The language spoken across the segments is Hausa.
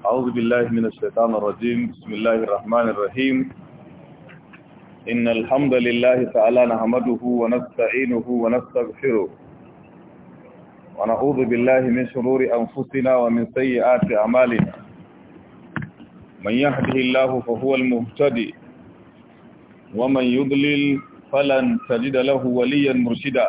أعوذ بالله من الشيطان الرجيم بسم الله الرحمن الرحيم إن الحمد لله تعالى نحمده ونستعينه ونستغفره ونعوذ بالله من شرور أنفسنا ومن سيئات أعمالنا من يهده الله فهو المهتدي ومن يضلل فلن تجد له وليا مرشدا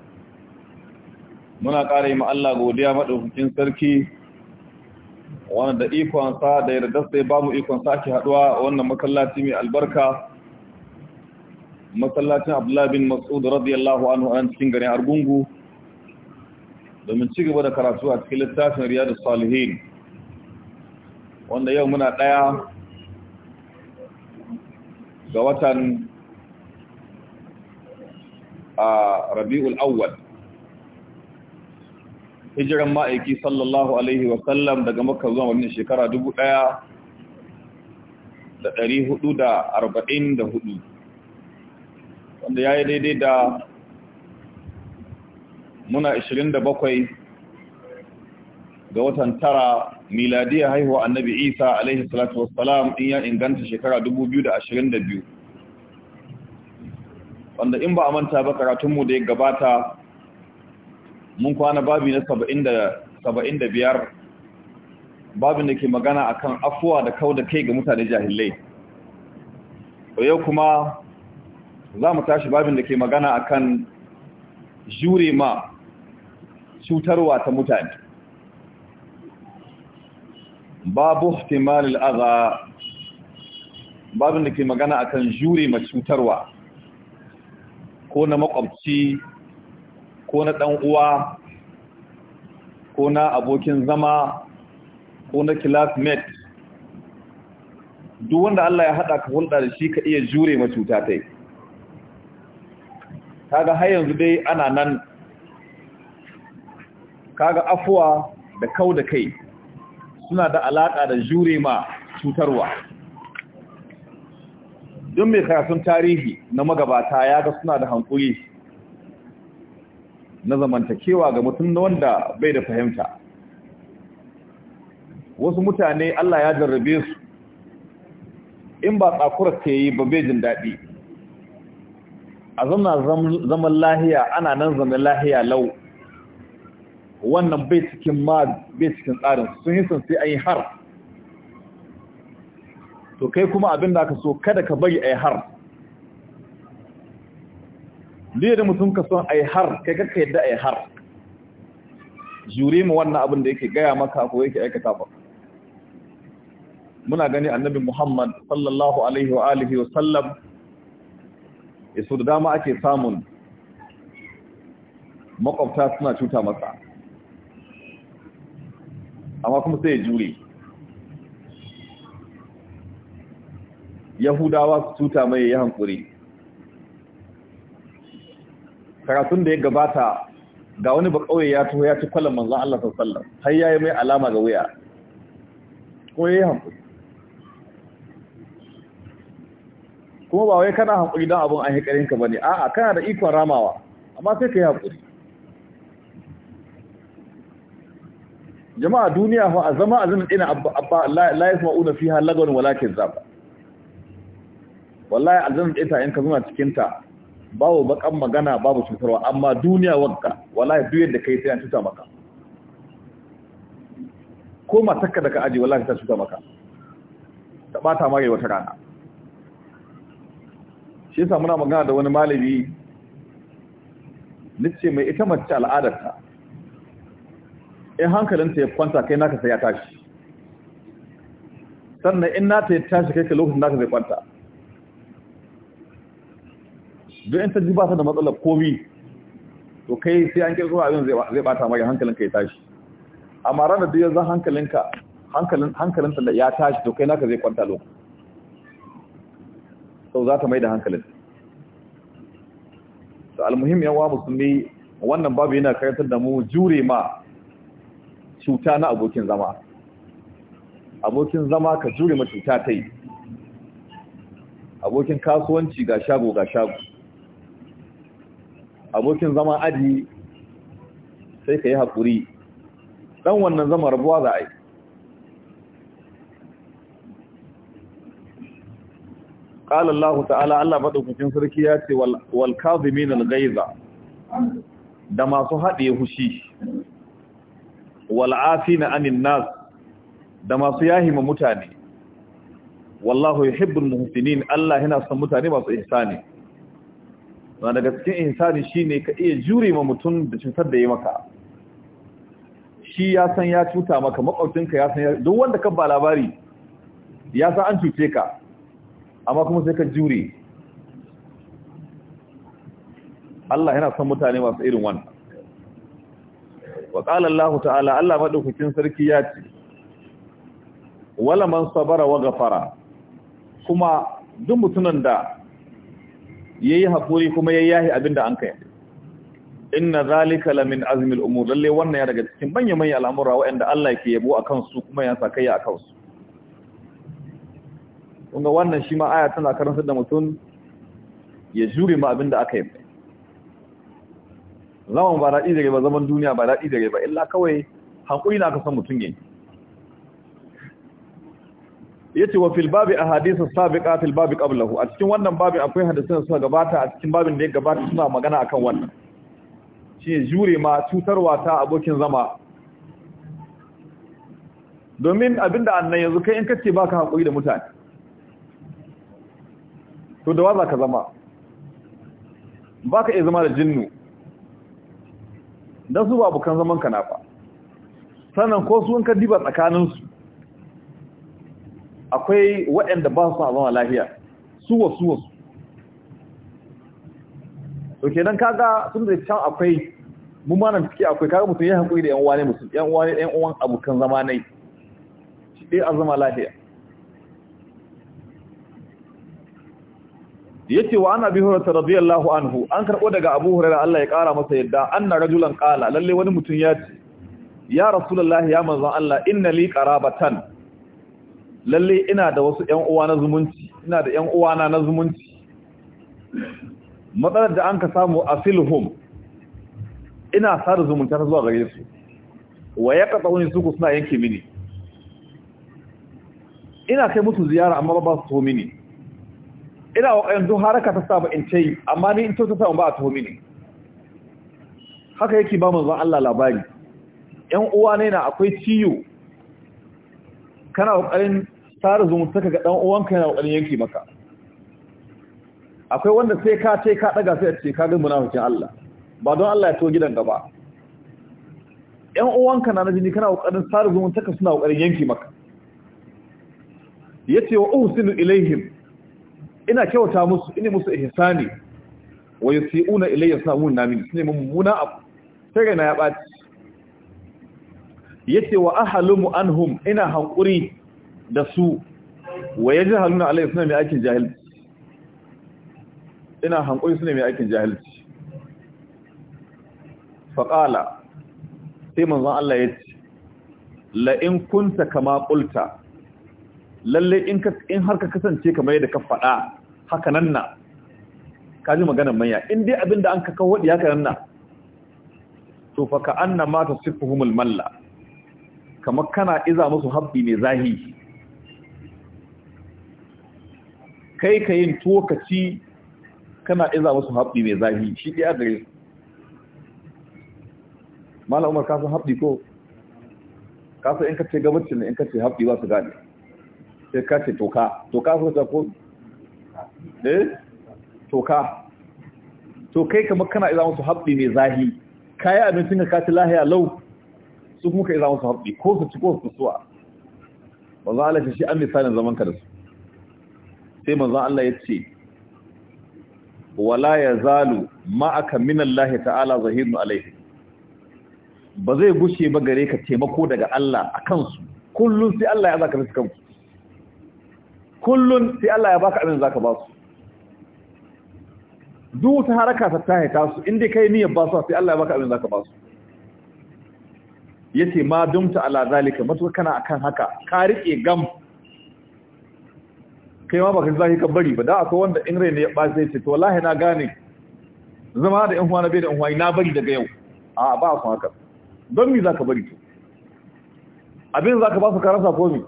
muna ƙara yi Allah godiya maɗaukakin sarki wanda da ikonsa da yarda ya ba mu ikonsa ake haɗuwa wannan masallaci mai albarka masallacin abdullabin bin Mas'ud radiyallahu anhu an cikin garin Argungu domin ci gaba da karatu a cikin littafin Riyadus Salihin wanda yau muna ɗaya ga watan a Rabiul Awwal hijiran ma'aiki sallallahu alaihi wasallam daga maka zuwa wani shekara dubu ɗaya da ɗari hudu da arba'in da hudu wanda ya yi daidai da muna ashirin da bakwai ga watan tara miladiyar haihuwa annabi isa alaihi salatu wasalam in ya inganta shekara dubu biyu da ashirin da biyu wanda in ba a manta ba karatunmu da ya gabata mun kwana babi na saba'in da biyar babin da ke magana akan afuwa da kawo da kai ga mutane jahilai yau kuma za mu tashi babin da ke magana akan jure ma cutarwa ta mutane babu timalil aza babin da ke magana akan jure ma cutarwa ko na makwabci ko na ɗan uwa ko na abokin zama ko na classmate duk wanda Allah ya haɗa ka hulɗa da shi ka iya jure ma cuta ta yi kaga har yanzu dai ana nan kaga afuwa da kau da kai suna da alaƙa da jure ma cutarwa Duk mai karatun tarihi na magabata ya ga suna da hankuri na zamantakewa ga mutum na wanda bai da fahimta wasu mutane Allah ya jarrabe su in ba tsakura ta yi ba bejin daɗi a zama zaman lahiya ana nan zaman lahiya lau wannan bai cikin ma bai cikin tsarin sun yi sun sai an yi har to kai kuma abin da aka so kada ka bari a yi har biyu da mutum ka son ai har kai ka yadda ai har jure mu wannan abin da yake gaya maka ko yake aikata ba muna gani annabi muhammad sallallahu alaihi wa alihi wa sallam ya da dama ake samun makwabta suna cuta masa amma kuma sai ya jure yahudawa su cuta mai ya hankuri karatun da ya gabata ga wani bakawai ya tuho ya ci kwallon manzan Allah sallallahu har ya yi mai alama ga wuya ko ya yi hankuli kuma ba wai kana hankuli don abin an hikarinka ba ne a'a kana da ikon ramawa amma sai ka yi hankuli jama'a duniya fa a zama a zama ina abba la yasma'una fiha lagwan wala kizab wallahi azan ita in ka yanka cikin ta babu bakan magana babu cutarwa amma duniya wanka wallahi duk yadda kai sai an cuta maka ko ma takka daga aji wallahi ta cuta maka ta bata mai wata rana shi yasa muna magana da wani malami nace mai ita mace al'adar ta in hankalinta ya kwanta kai naka sai ya tashi sannan in nata ya tashi kai ka lokacin naka zai kwanta don in ta ji ba ta da matsalar komi to kai sai an kirkiro abin zai bata mai ka ya tashi amma ranar da ya zan hankalinka hankalinta da ya tashi to kai naka zai kwanta lo sau za ta mai da hankalin to almuhim wa musulmi wannan babu yana karantar da mu jure ma cuta na abokin zama abokin zama ka jure ma cuta ta yi abokin kasuwanci ga shago ga shago abokin zama aji sai ka yi haƙuri ɗan wannan zama rabuwa za a yi ƙalar ta'ala Allah sarki ya ce wal al-gaiza da masu haɗe hushi wal'afi na anin nas da masu yahima mutane wallahu yuhibbul muhsinin Allah yana son mutane masu ihsani na daga cikin insani ne ka iya jure ma mutum da cutar da ya maka shi ya san ya cuta maka makwabcinka ya san duk wanda ka ba labari ya san an cuce ka amma kuma sai ka jure Allah yana son mutane masu irin wannan wa qala Allah ta'ala Allah madaukakin sarki ya ce wala man sabara wa ghafara kuma duk mutunan da yayi hakuri kuma yayi yahi abinda an kai inna zalika lamin al umur lalle wannan ya daga cikin manyan manyan al'amura wanda Allah ke yabo akan su kuma ya saka ya akan su kuma wannan shi ma aya tana karantar da mutum ya jure ma abinda aka yi zaman ba daɗi da ba zaman duniya ba daɗi da ba illa kawai hakuri na ka san mutum yake yace wa fil babi ahadithu sabiqa al babi qablahu a cikin wannan babin akwai hadisan suka gabata a cikin babin da ya gabata suna magana akan wannan shi jure ma tutarwa ta abokin zama domin abinda annan yanzu kai in kace baka hakuri da mutane to da waza ka zama baka iya zama da jinnu dan su ba abokan zaman ka na ba sannan ko su in ka diba tsakaninsu akwai waɗanda ba su zama lafiya su wasu wasu to kenan kaga sun da can akwai mun ma nan ciki akwai kaga mutum ya hankuri da yan uwa ne mutum yan uwa ne yan uwan abokan zama ne shi dai a zama lafiya yace wa ana hurairah radiyallahu anhu an karbo daga abu hurairah Allah ya kara masa yadda anna rajulan qala lalle wani mutum ya ce ya rasulullahi ya manzon Allah inna li qarabatan lalle ina da wasu ƴan uwa na zumunci ina da ƴan uwana na zumunci matsalar da an ka samu a filhum ina sada zumunta ta zuwa gare su wa ya katsa wani suku suna yanke mini ina kai musu ziyara amma ba su taho mini ina wa ƙayan duk haraka ta saba in ce amma ni in ta samu ba a taho mini haka yake ba manzon Allah labari ƴan uwa ne na akwai ciyo kana ƙoƙarin tsara zumunta ga dan uwanka yana kokarin yanki maka akwai wanda sai ka ce ka daga sai a ce ka ga munafikin Allah ba don Allah ya to gidan gaba ƴan uwanka na jini kana kokarin tsara zumunta ka suna kokarin yanki maka yace wa usilu ilaihim ina kyauta musu ina musu ihsani wa yusiuna ilayya sa'un namin mun muna abu sai ga na ya ce yace wa ahalumu anhum ina hankuri da su wa ya jahaluna alai suna mai aikin jahilci ina hankuri suna mai aikin jahilci faƙala sai manzan Allah ya ce la'in kunta kama ƙulta lalle in har ka kasance kamar yadda ka faɗa haka nan na ka ji maganar manya in dai abin da an ka kawo haka nan na to faka ka na mata ta sifuhumul malla kamar kana iza musu habbi mai zahiri. kai ka yin tokaci kana iza musu haɓɓi mai zafi shi ɗaya gare mana umar kasu haɓɓi ko kasu in ka ce gabacin da in ka ce haɓɓi ba su gane sai ka ce toka toka su ta ko eh toka to kai kamar kana iza musu haɓɓi mai zafi Kaya abincin ka kaci lahiya lau su kuma ka iza musu haɓɓi ko su ci ko su suwa ba za a lafi shi an misalin zaman ka da su sai manzon Allah ya ce wala ya yazalu ma'aka minallahi ta'ala zahirun alaihi ba zai gushe ba gare ka taimako daga Allah a kansu kullum sai Allah ya zaka musu kanku kullum sai Allah ya baka abin zaka ba su duk ta haraka ta tahe ta su inda kai niyyar ba su sai Allah ya baka abin zaka ba su yace ma dumta ala zalika matuka kana akan haka ka rike gam kai ma baka zahi ka bari ba da akwai wanda in rai ne ya ba sai ce to wallahi na gane zama da yan huwa na bai da in huwa na bari daga yau a ba ku haka don mi zaka bari to abin zaka ba su karasa ko mi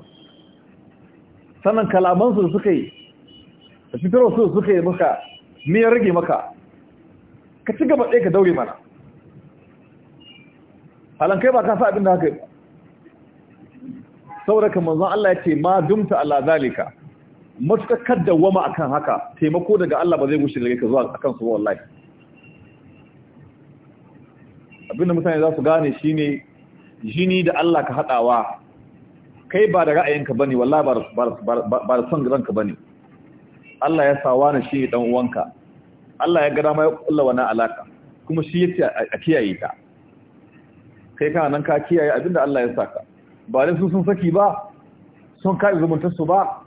sannan kalaman su suka yi da fitarwa su suka yi maka me ya rage maka ka ci gaba ɗaya ka daure mana halan kai ba ka sa abin da haka saboda kamar zan Allah ya ce ma dumta ala zalika wama a kan haka taimako daga Allah ba zai gushe da ka zuwa a kan su wallahi abinda mutane za su gane shine jini da Allah ka haɗawa. kai ba da ra'ayinka bane wallahi ba da son ranka bane Allah ya sawa na shi dan uwanka Allah ya gada dama ya kulla wani alaka kuma shi ce a kiyaye ta kai kana nan ka kiyaye abinda Allah ya saka ba da sun saki ba sun kai zumuntar su ba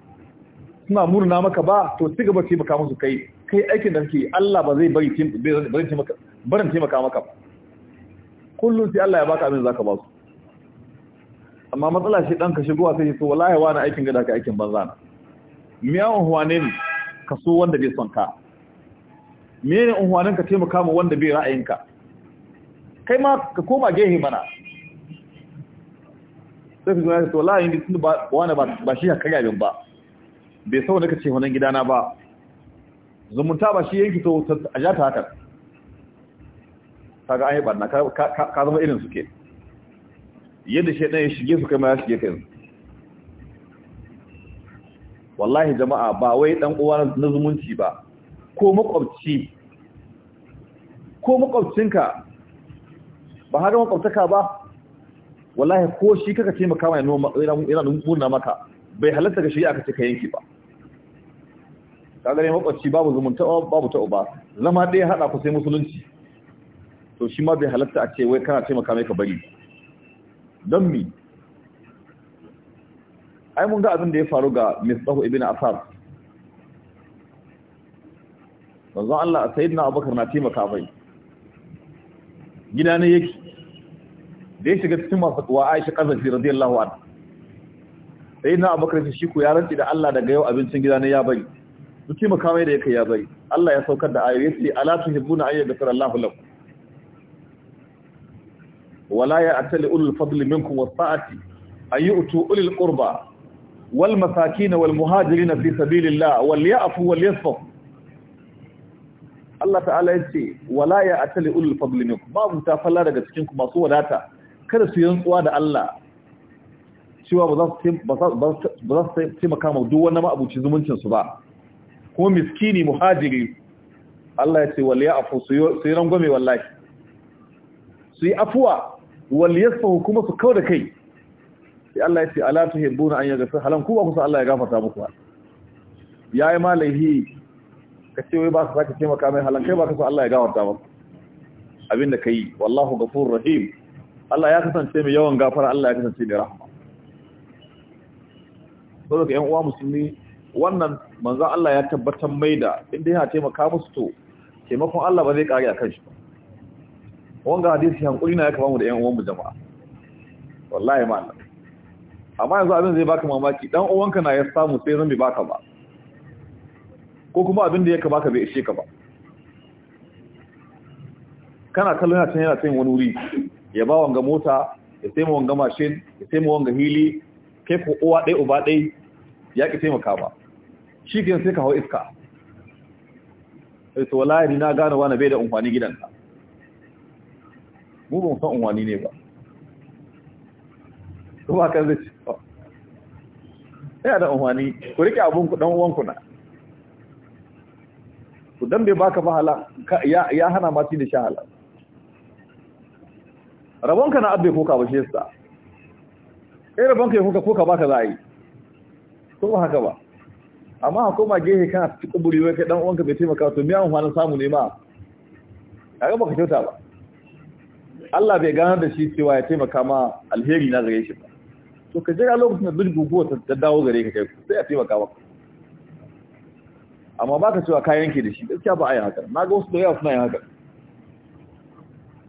suna murna maka ba to ci gaba taimaka musu kai kai aikin da kake Allah ba zai bari barin taimaka maka ba kullum sai Allah ya baka abin zaka ba su amma matsala shi dan ka shigo a sai so wallahi wani aikin gada ka aikin banza na miya huwane ka so wanda bai son ka mene unhuwanin ka taimaka ma wanda bai ra'ayinka kai ma ka koma gehe mana sai ka ga to wallahi ni tun ba wani ba shi ka karya ba bai sau da ka ce wannan gidana ba zumunta ba shi yanki to a ja ta haka kaga an yi barna ka zama irin suke yadda shi ɗaya shige su kai ma ya shige kai wallahi jama'a ba wai ɗan uwa na zumunci ba ko makwabci ko makwabcinka ba har makwabtaka ba wallahi ko shi kaka ce maka mai yana nuna maka bai halatta ga shi ka ce ka yanki ba kagare makwacci babu zumunta oh, babu ta uba zama ɗaya haɗa ku sai musulunci to shi ma bai halatta a ce wai kana taimaka mai ka bari don mi ai mun ga abin da ya faru ga mistahu ibn asar manzon Allah sayyidina abubakar na taimaka bai. gida ne yake da ya shiga cikin masu kuwa aisha kazafi radiyallahu anha sayyidina abubakar shi ku ya rantsi da Allah daga yau abincin gida ne ya bari duk taimaka mai da yake ya bari Allah ya saukar da ayoyi sai ala tuhibbuna an yaghfira Allahu lakum wala atali ulul fadli minkum wasaati saati an yu'tu ulil qurba wal masakin wal muhajirin fi sabilillah wal ya'fu wal yasfah Allah ta'ala ya ce wala ya atali ulul fadli minkum babu ta falla daga cikin ku masu wadata kada su yantsuwa da Allah cewa ba za su taimaka ma duk wani ma'abuci zumuncin su ba ko miskini muhajiri Allah ya ce wal ya'fu su yi rangwame wallahi su yi afuwa wal yasfahu kuma su kauda kai sai Allah ya ce ala tuhibbuna an yaghfir halan ku ba ku sa Allah ya gafarta muku yayi malahi ka ce wai ba su sake cewa kamai halan kai ba ka sa Allah ya gafarta maka abinda kai wallahu ghafurur rahim Allah ya kasance mai yawan gafara Allah ya kasance mai rahama saboda 'yan uwa musulmi wannan manzan Allah ya tabbatar mai da inda yana taimaka musu to taimakon Allah ba zai kare a kan shi wanga hadisi hankuli na ya kama mu da yan uwanmu jama'a wallahi ma Allah amma yanzu abin zai baka mamaki dan uwanka na ya samu sai zan bi baka ba ko kuma abin da kama ka bai ishe ka ba kana kallon yana yana can wani wuri ya ba wanga mota ya sai wanga mashin ya sai wanga hili kai ko uwa ɗaya uba ɗaya ya ki taimaka ba shi ke sai ka hau iska ito to wallahi ni na gane wani bai da umfani gidanka mu ban san umfani ne ba kuma kan zai ce yana da umfani ku rike abin kudan dan uwan na ku dan bai baka mahala ya hana mati da Rabon rabonka na abin koka ba shi yasa ɗaya rabonka ya kuka, koka baka za a yi ko ba haka ba amma a koma gehe kana cikin buri wai kai dan uwanka bai taimaka to me an fara samu ne ma kaga baka kyauta ba Allah bai gano da shi cewa ya taimaka ma alheri na gare shi ba to ka jira lokacin da duk guguwa ta dawo gare ka kai sai a taimaka ba. amma baka cewa kayan ke da shi gaskiya ba a yi haka na ga wasu da yawa suna yin haka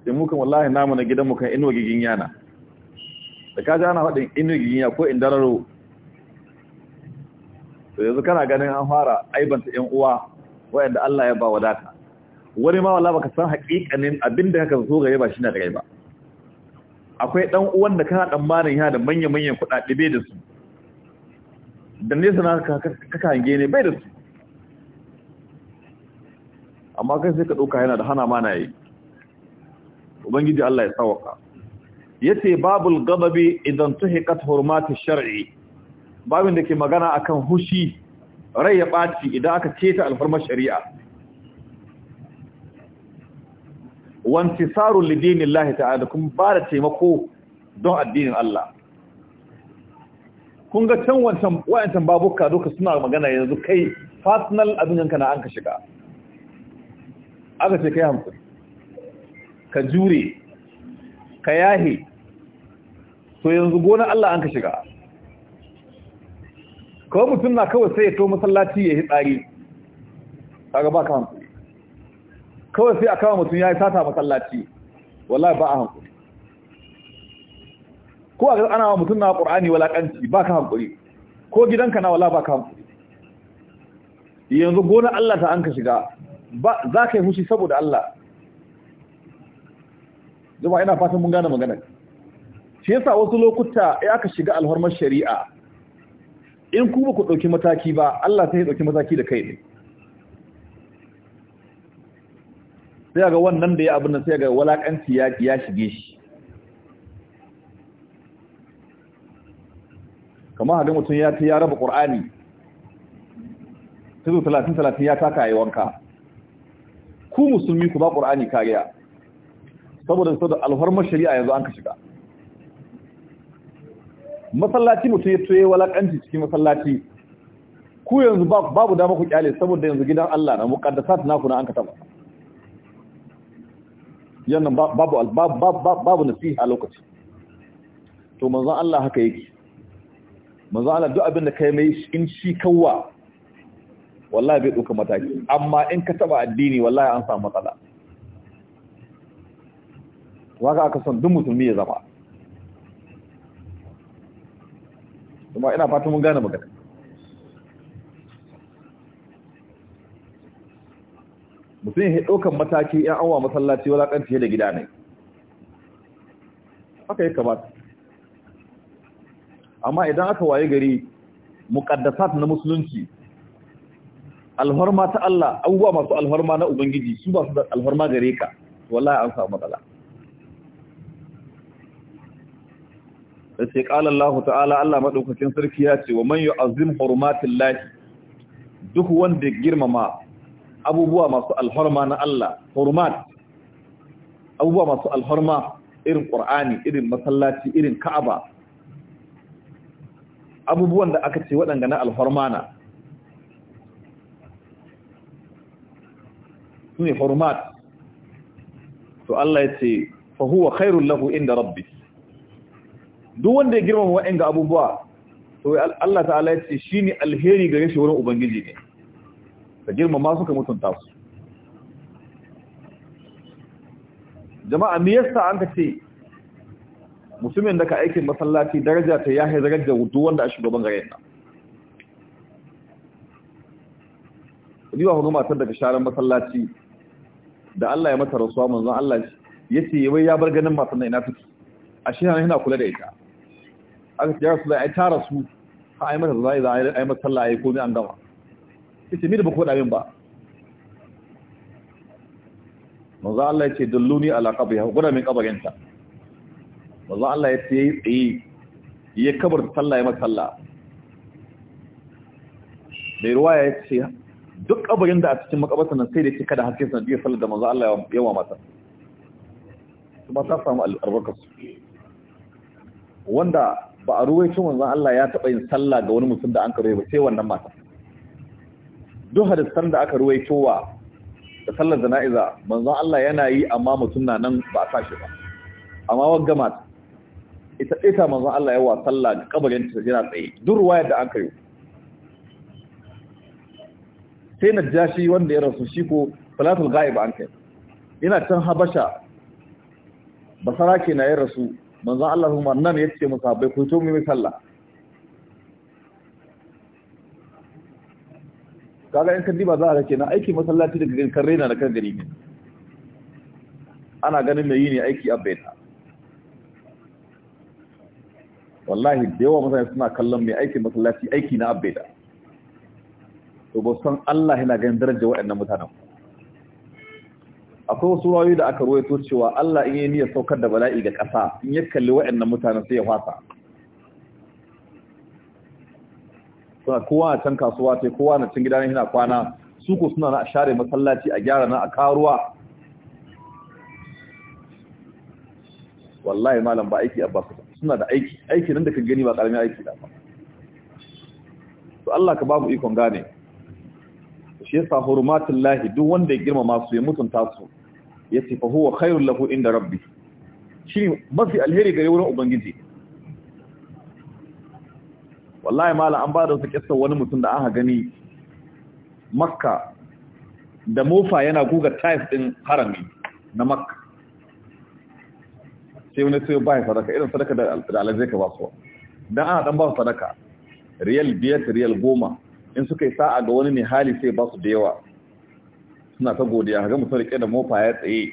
sai mu kan wallahi namu na gidan mu kan inuwa gigin yana da ka ji ana faɗin inuwa gigin ya ko in dararo to yanzu kana ganin an fara aibanta ƴan uwa wayanda Allah ya ba wadata wani ma wallahi baka san haƙiƙanin abinda kaka so gare ba shi na da ba akwai dan uwan da kana tsammanin ya da manyan manyan kuɗaɗe bai da su da nesa ka kaka hange ne bai da su amma kai sai ka ɗauka yana da hana mana yi ubangiji Allah ya sawaka yace babul ghadabi idan tuhiqat hurmati shar'i babin da ke magana akan hushi rai ya ɓaci idan aka keta alfarmar shari'a wanti sarun lidinin lahi ta'ala kun ba da taimako don addinin Allah kun ga can wa'ancan babuka duka suna magana yanzu kai fasinal abin yanka na an ka shiga aka ce kai hamsin ka jure ka yahe to yanzu gona Allah an ka shiga ko mutum na kawai sai ya to masallaci ya yi tsari a gaba ka kawai sai a kawo mutum ya yi sata masallaci wallahi ba a hankali ko a ana wa mutum na qur'ani walaƙanci ba ka hankali ko gidanka na wallahi ba ka hankali yanzu gona Allah ta an ka shiga ba za ka yi fushi saboda Allah zuba ina fatan mun gane magana shi yasa wasu lokuta ya aka shiga alhormar shari'a in ku ba ku ɗauki mataki ba Allah sai ya ɗauki mataki da kai ne sai ga wannan da ya abin nan sai ga walakanci ya shige shi kamar haɗin mutum ya ta ya raba ƙur'ani zo 30-30 ya taka yi wanka ku musulmi ku ba ƙur'ani kariya saboda saboda alfarmar shari'a yanzu an ka shiga masallaci mutum ya toye walakanci cikin masallaci ku yanzu babu dama ku kyale saboda yanzu gidan Allah na muqaddasat naku na an kataba yannan babu babu babu nasiha lokaci to manzon Allah haka yake manzon Allah duk abin da kai mai in shi kawwa wallahi bai duka mataki amma in ka taba addini wallahi an samu matsala waka aka san duk mutum ya zama kuma ina fatan mun gane magana mutum ya ɗaukan mataki ‘yan anwa masallaci wulaƙanci da gida ne Aka yi kamata amma idan aka waye gari muƙaddasat na musulunci alhorma ta Allah abubuwa masu alhorma na Ubangiji su ba su da alhorma gare ka wallahi an samu matsala sai qala Allah ta'ala Allah madaukakin sarki ya ce wa man yu'azzim hurmatillahi duk wanda girmama abubuwa masu alhorma na Allah hurmat abubuwa masu alhorma irin Qur'ani irin masallaci irin Ka'aba abubuwan da aka ce waɗanda na alhorma na su ne hurmat to Allah ya ce fa huwa khairul lahu inda rabbi duk wanda ya girmama wa'in ga abubuwa to Allah ta'ala ya ce shi ne alheri gare shi wurin Ubangiji ne ka girmama suka mutunta su jama'a miyasta yasa an ka ce musulmin da ka aikin masallaci daraja ta ya yahe da duk wanda a shugaban gare na Riwa hudu matar daga sharan masallaci da Allah ya mata rasuwa manzon Allah ya ce yawai ya bar ganin matan na ina fiki a shi yana kula da ita aka ce ya rasu ai a rasu ha ai mata zai za a yi mata sallah yi komi an gama yace ni da bako damin ba Maza Allah ya yace dulluni ala qabriha guda min kabarinta Maza Allah ya yi tsaye ya kabar sallah ya mata sallah ruwa ya ce duk kabarin da a cikin makabarta nan sai da ke kada haske sanan biya sallar da Maza Allah ya wa mata ba ta samu albarkar wanda ba a ruwaicin wanzan Allah ya taɓa yin sallah ga wani mutum da an karuwa sai wannan mata duk hadistan da aka wa da sallar jana'iza manzon Allah yana yi amma mutum na nan ba a sa shi ba amma wagga mata ita ita manzon Allah yawa sallah ga kabarin ta jira tsaye duk ruwayar da an yi sai na shi wanda ya rasu shi ko salatul ba an kai yana can habasha basara ke na ya rasu manzo Allah kuma nan ya ce musa bai kuto mai sallah kaga in kadi ba za a rake na aiki masallaci daga kan raina da kan gari ne ana ganin mai yi ne aiki abbaita wallahi da yawa suna kallon mai aiki masallaci aiki na abbaita to ba san Allah yana ganin darajar waɗannan mutanen ku akwai wasu rawayoyi da aka ruwaito cewa Allah in yi niyyar saukar da bala'i ga ƙasa in ya kalli waɗannan mutanen sai ya fasa suna kowa na can kasuwa sai kowa na can gidan yana kwana su ko suna na share masallaci a gyara na a karuwa wallahi malam ba aiki abba suna da aiki aiki nan da ka gani ba karamin aiki da ba to Allah ka babu ikon gane shi yasa hurmatullahi lahi duk wanda ya girmama su ya mutunta su ya ce fa huwa khairul lahu inda rabbi shi mafi alheri ga wurin ubangiji wallahi mala an ba da wasu kissa wani mutum da aka gani makka da mofa yana guga tayis din harami na makka sai wani sai ba sadaka irin sadaka da zai ka ba su dan ana dan ba su sadaka riyal biyar riyal goma in suka yi sa'a ga wani ne hali sai ba su da yawa suna ta godiya ga mutum rike da mofa ya tsaye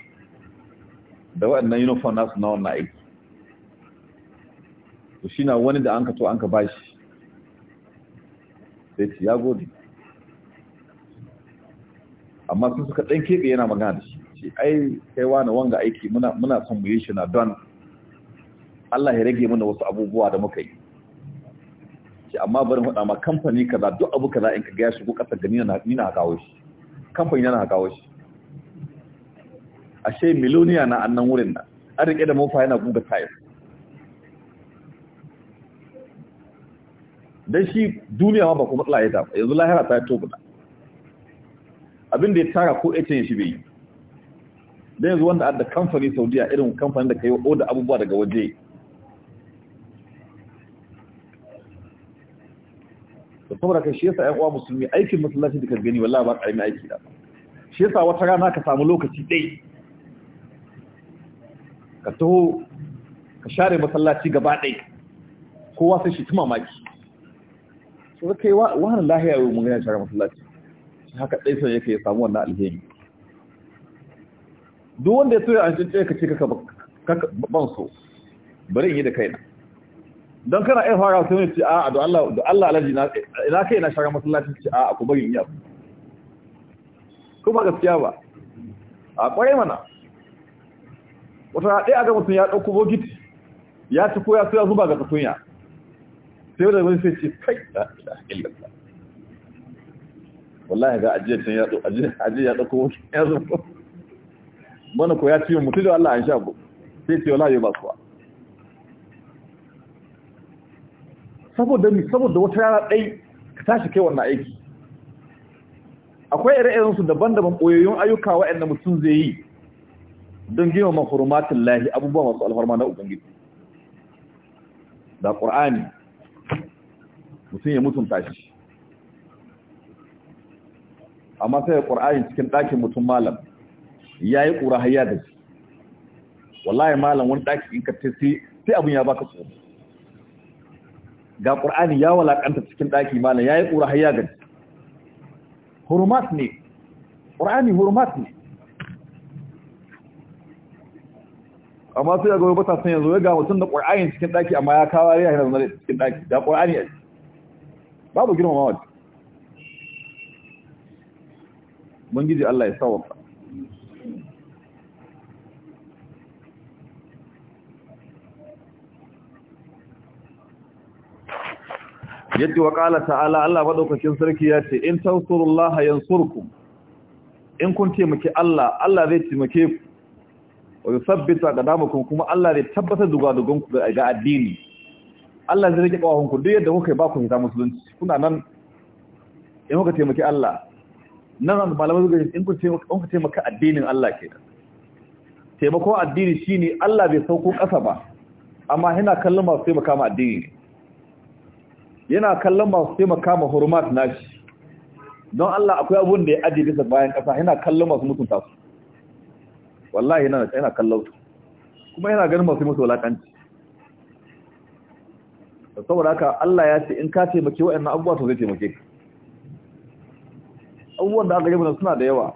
da waɗannan uniform nasu na wannan aiki to shi na wani da an ka to an ka bashi sai ce ya gode amma sun suka ɗan keɓe yana magana da shi ce ai kai wani wanga aiki muna son mu yi shi na don Allah ya rage mana wasu abubuwa da muka yi ce amma bari faɗa ma kamfani kaza duk abu kaza in ka gaya shi ko ƙasa gani na kawo shi kamfani yana kawo shi ashe miloniya na annan wurin nan an rike da mofa yana guga tayar don shi duniya ma ba kuma matsala ya ta yanzu lahira ta to guda abin da ya tara ko ya shi bai yi don yanzu wanda adda kamfani saudiya irin kamfanin da ka yi oda abubuwa daga waje saboda kai shi yasa ƴan uwa musulmi aikin musulunci da gani wallahi ba ka yi aiki da shi yasa wata rana ka samu lokaci dai ka taho ka share masallaci gaba ɗai kowa sai shi ta mamaki su zaka yi wahan lahiya yau mun gani share masallaci shi haka ɗai sai yake samu wannan alheri duk wanda ya so ya an cince ka ce ka ban so bari in yi da kaina don kana iya fara sai wani ci a da Allah da Allah alaji na ina kai na shara masallaci ce a ku bari in yaku kuma gaskiya ba a kwarai mana wata ɗaya aga mutum ya dauko bogiti ya ci ko ya so ya zuba ga katunya sai da wani sai ce kai la ilaha illallah wallahi ga ajiyar can ya dauko ajiyar ya ɗauko ya zuba mana ko ya ci mutu da Allah an sha sai ce wallahi ba kuwa saboda ni, saboda wata rana ɗai ka tashi kai wannan aiki akwai ire su daban-daban koyoyin ayyuka waɗanda mutum zai yi don gina mahurmatin lahi abubuwa masu alfarma na ubangiji da ƙur'ani mutum ya mutunta tashi. amma sai ƙur'ani cikin ɗakin mutum malam ya yi ƙura hayya da shi wallahi malam wani ɗakin in ka sai abin ya baka tsoro ga ƙur'ani ya walaƙanta cikin ɗaki mana yi ƙura hayya gani Hurmat ne ƙur'ani hurmat ne amma sai ga basa san yanzu ya ga mutum da ƙur'ani cikin ɗaki, amma ya kawo ya yi zaune cikin ɗaki. Ga ƙur'ani qur'ani babu girmamawa mun gizi Allah ya sawa Yadda wa ƙala ta'ala Allah maɗaukakin sarki ya ce in tansurullaha yansurkum in kun taimake Allah Allah zai taimake ku wa yusabbita qadamakum kuma Allah zai tabbatar da gudugun ku ga addini Allah zai rike kawahun ku duk yadda kuka ba ku hita musulunci kuna nan in kuka taimake Allah nan malamai zuwa in kun taimake kun taimake addinin Allah ke. taimako addini shine Allah bai sauko ƙasa ba amma yana kallon masu taimaka ma addini yana kallon masu taimaka ma hurmat nashi don Allah akwai abun da ya aji bisa bayan ƙasa yana kallon masu mutunta su wallahi yana yana kallon su kuma yana ganin masu musu Da saboda haka Allah ya ce in ka taimake waɗannan abubuwa to zai taimake ka abubuwan da aka yi suna da yawa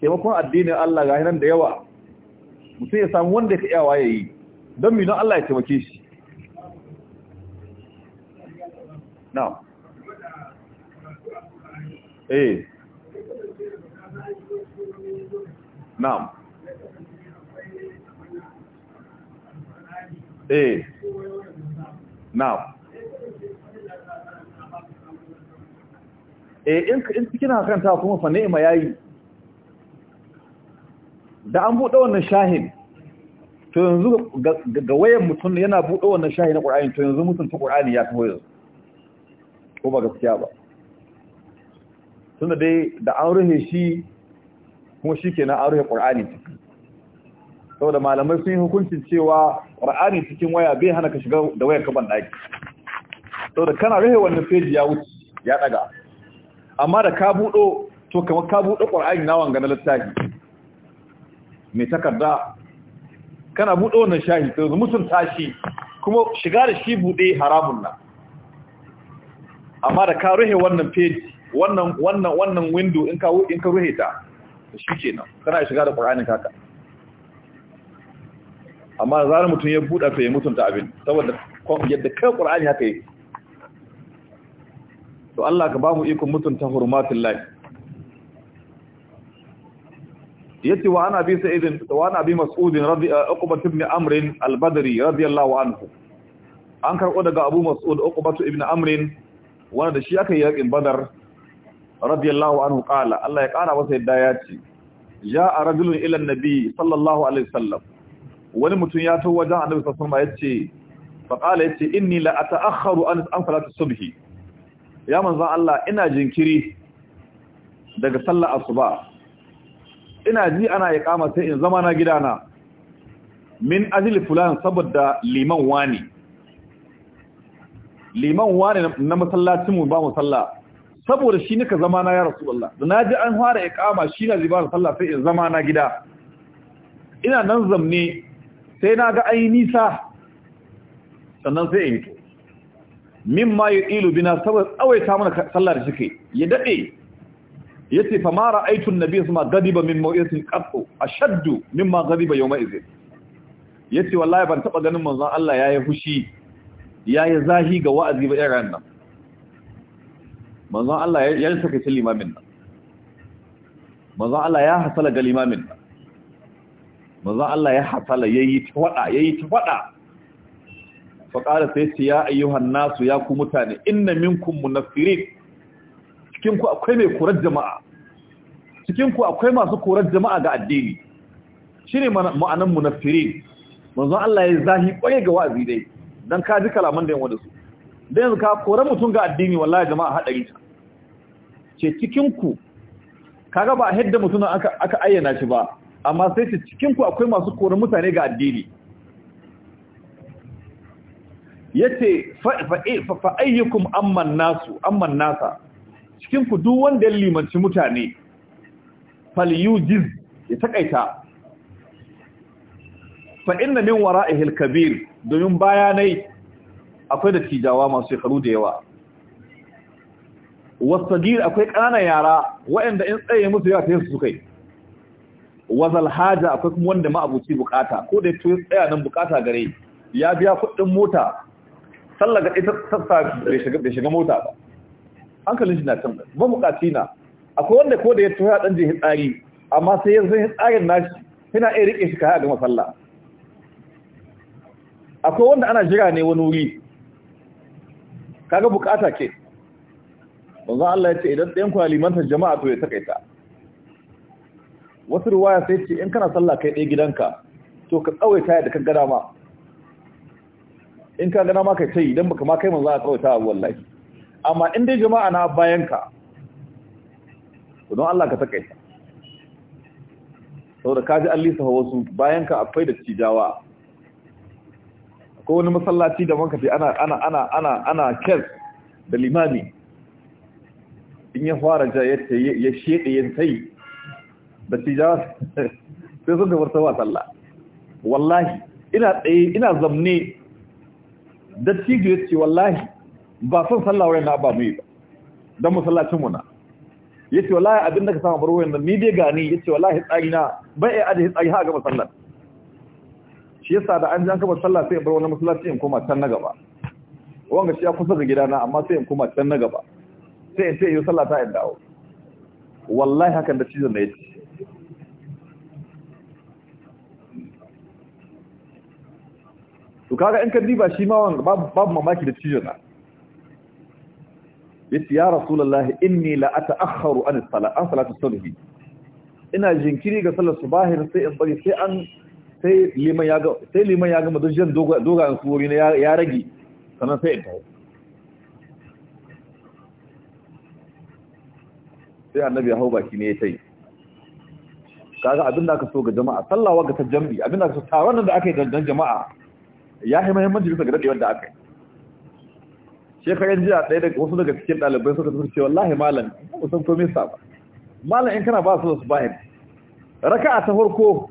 taimakon addinin Allah ga hinan da yawa mutum ya samu wanda ya ka iyawa ya yi don mino Allah ya taimake shi na'am eh na'am eh na'am eh in kina karanta kuma fa ni'ima yayi da an bude wannan shahin to yanzu ga wayan mutum yana bude wannan shahin na Qur'ani to yanzu mutum ta Qur'ani ya taho yanzu ko ba gaskiya ba tunda dai da an rahe shi kuma shi kenan an rahe ƙur'ani ciki saboda malamai sun yi hukuncin cewa ƙur'ani cikin waya bai hana ka shiga da wayar kaban ɗaki saboda kana rahe wannan feji ya wuce ya ɗaga amma da ka buɗo to kamar ka buɗe ƙur'ani na wanga na littafi mai takarda kana buɗe wannan shahi to mutum shi kuma shiga da shi buɗe haramun nan amma da ka ruhe wannan page wannan wannan wannan window in ka in ka ruhe ta shi kenan kana shiga da Qur'anin kaka amma zan mutun ya buɗa fa ya mutunta abin saboda yadda kai Qur'ani haka yake to Allah ka bamu ikon mutunta hurmatullahi yati wa ana bi sa'idin wa ana bi mas'udin radi aqba eh, ibn amr al-badri radiyallahu anhu an karɓo daga abu mas'ud aqba ibn amr wanda da shi aka yi yaƙin badar radiyallahu anhu ƙala. Allah ya ƙara masa yadda ya ce a rajulun ilan nabi sallallahu alaihi sallam. wani mutum ya tawo wajen annabi sallallahu alaihi wasallam yace ya ce in inni la ta ta'akharu an salatu subhi ya manzo Allah ina jinkiri daga sallar asuba ina ji ana iqama sai in zama na gidana min ajli fulan saboda liman wani liman wani na masallacin mu ba mu sallah saboda shi nika zama na ya rasulullah da naji an fara iqama shi na zibar sallah sai in zama na gida ina nan zamne sai na ga ai nisa sannan sai in to mimma yu'ilu bina saboda tsawaita mana salla da shike ya dade yace fa ma ra'aytu an nabi sama gadiba min maw'izatin qatu ashaddu mimma gadiba yawma idhin yace wallahi ban taba ganin manzon Allah yayi fushi ya yi zahi ga wa'azi ba irin nan manzan Allah ya yi sakacin limamin nan manzan Allah ya hasala ga limamin nan manzan Allah ya hasala ya yi ta faɗa ya yi ta faɗa faƙara sai ce ya ayyuhan nasu ya ku mutane mu na munafirin cikinku akwai mai korar jama'a cikinku akwai masu korar jama'a ga addini shi ne ma'anan munafirin manzan Allah ya zahi ƙwaye ga wa'azi dai dan ka ji kalaman da yawa da su da yanzu ka kore mutum ga addini wallahi jama'a haɗari ta ce cikin ku kaga ba hadda mutum aka aka ayyana shi ba amma sai ce cikin akwai masu kore mutane ga addini yace e, fa fa ayyukum amman nasu amman nasa cikin ku duk wanda ya limanci mutane fal yujiz ya takaita fa inna min wara'ihil kabir domin bayanai akwai da tijawa masu shekaru da yawa wasagir akwai ƙananan yara waɗanda in tsaye musu yawa ta su kai wazal haja akwai kuma wanda ma'abuci bukata ko da ya tsaya nan bukata gare ya biya kuɗin mota sallah ga ita sassa bai shiga mota ba hankalin shi na can ba bukaci na akwai wanda ko da ya a ɗan jihin hitsari amma sai yanzu yin hitsarin nashi yana iya riƙe shi kaya ga masalla akwai wanda ana jira ne wani wuri kaga bukata ke wanzu Allah ya ce idan ɗayan kuna limantar jama'a to ya takaita wasu ruwaya sai ce in kana sallah kai ɗaya gidanka to ka tsawaita yadda ka gada ma in ka gada ma ka ce idan baka ma kai manzan a tsawaita abu wallahi amma in dai jama'a na bayan ka don Allah ka takaita saboda kaji an lisa wasu bayan ka akwai da cijawa ko wani masallaci da wanka ce ana ana ana ana ana kyar da limami in ya fara ja ya ya shede yin sai da tija sai sun gabar sawa sallah wallahi ina tsaye ina zamne da tijo ya ce wallahi ba son sallah Wani na ba mai ba dan masallacin mu na yace wallahi abin da ka samu barwayan da ni dai gani yace wallahi tsari na bai ai aje tsari ha ga masallaci shi yasa da an ji an kaba sallah sai in bar wani masallaci in koma can na gaba wanga shi ya kusa da gidana amma sai in koma can na gaba sai in ce yi sallah ta in dawo wallahi hakan da cizon da yake to kaga in ka diba shi ma wanga babu mamaki da cizon na yace ya rasulullahi inni la ata'akhkharu an as subhi ina jinkiri ga sallar subahi sai in bari sai an sai liman ya ga sai liman ya gama dukkan dogayen suwori na ya rage sannan sai in sai annabi ya hau baki ne ya tai kaga abin da aka so ga jama'a sallawa ga ta abin da aka so taron da aka yi dan jama'a ya yi muhimmanci bisa ga dadewar da aka yi shekaran jiya ɗaya daga wasu daga cikin ɗalibai suka tafi cewa wallahi malam ba san komai sa ba malam in kana ba su da su bahin raka'a ta farko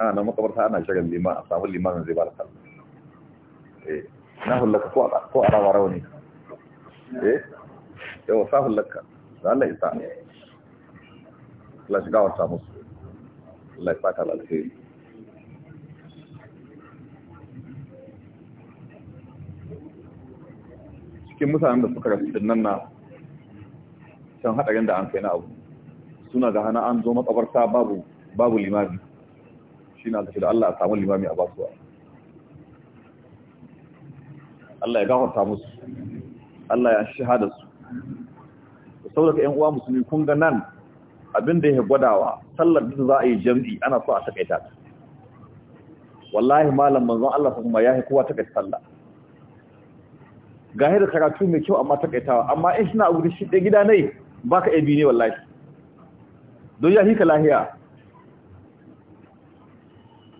ana nan makabarta ana shirin liman a samun limanin zai ba da sallah eh na hullaka ko a rawa rauni eh yawa sa hullaka da Allah isa Allah shiga wata musu Allah ya fata alheri cikin mutanen da suka rasu nan na can haɗarin da an kai na abu suna ga hana an zo makabarta babu babu shi na da Allah a samu limami a basuwa Allah ya gafarta musu Allah ya shahada su saboda ƴan uwa musulmi kun ga nan abin da ya gwadawa sallar da za a yi jam'i ana so a takaita ta wallahi malam manzon Allah kuma ya yi kowa takaita sallah gahe da karatu mai kyau amma takaitawa amma in shi na abu da shi ɗaya gida ne baka ebi ne wallahi don ya hika lahiya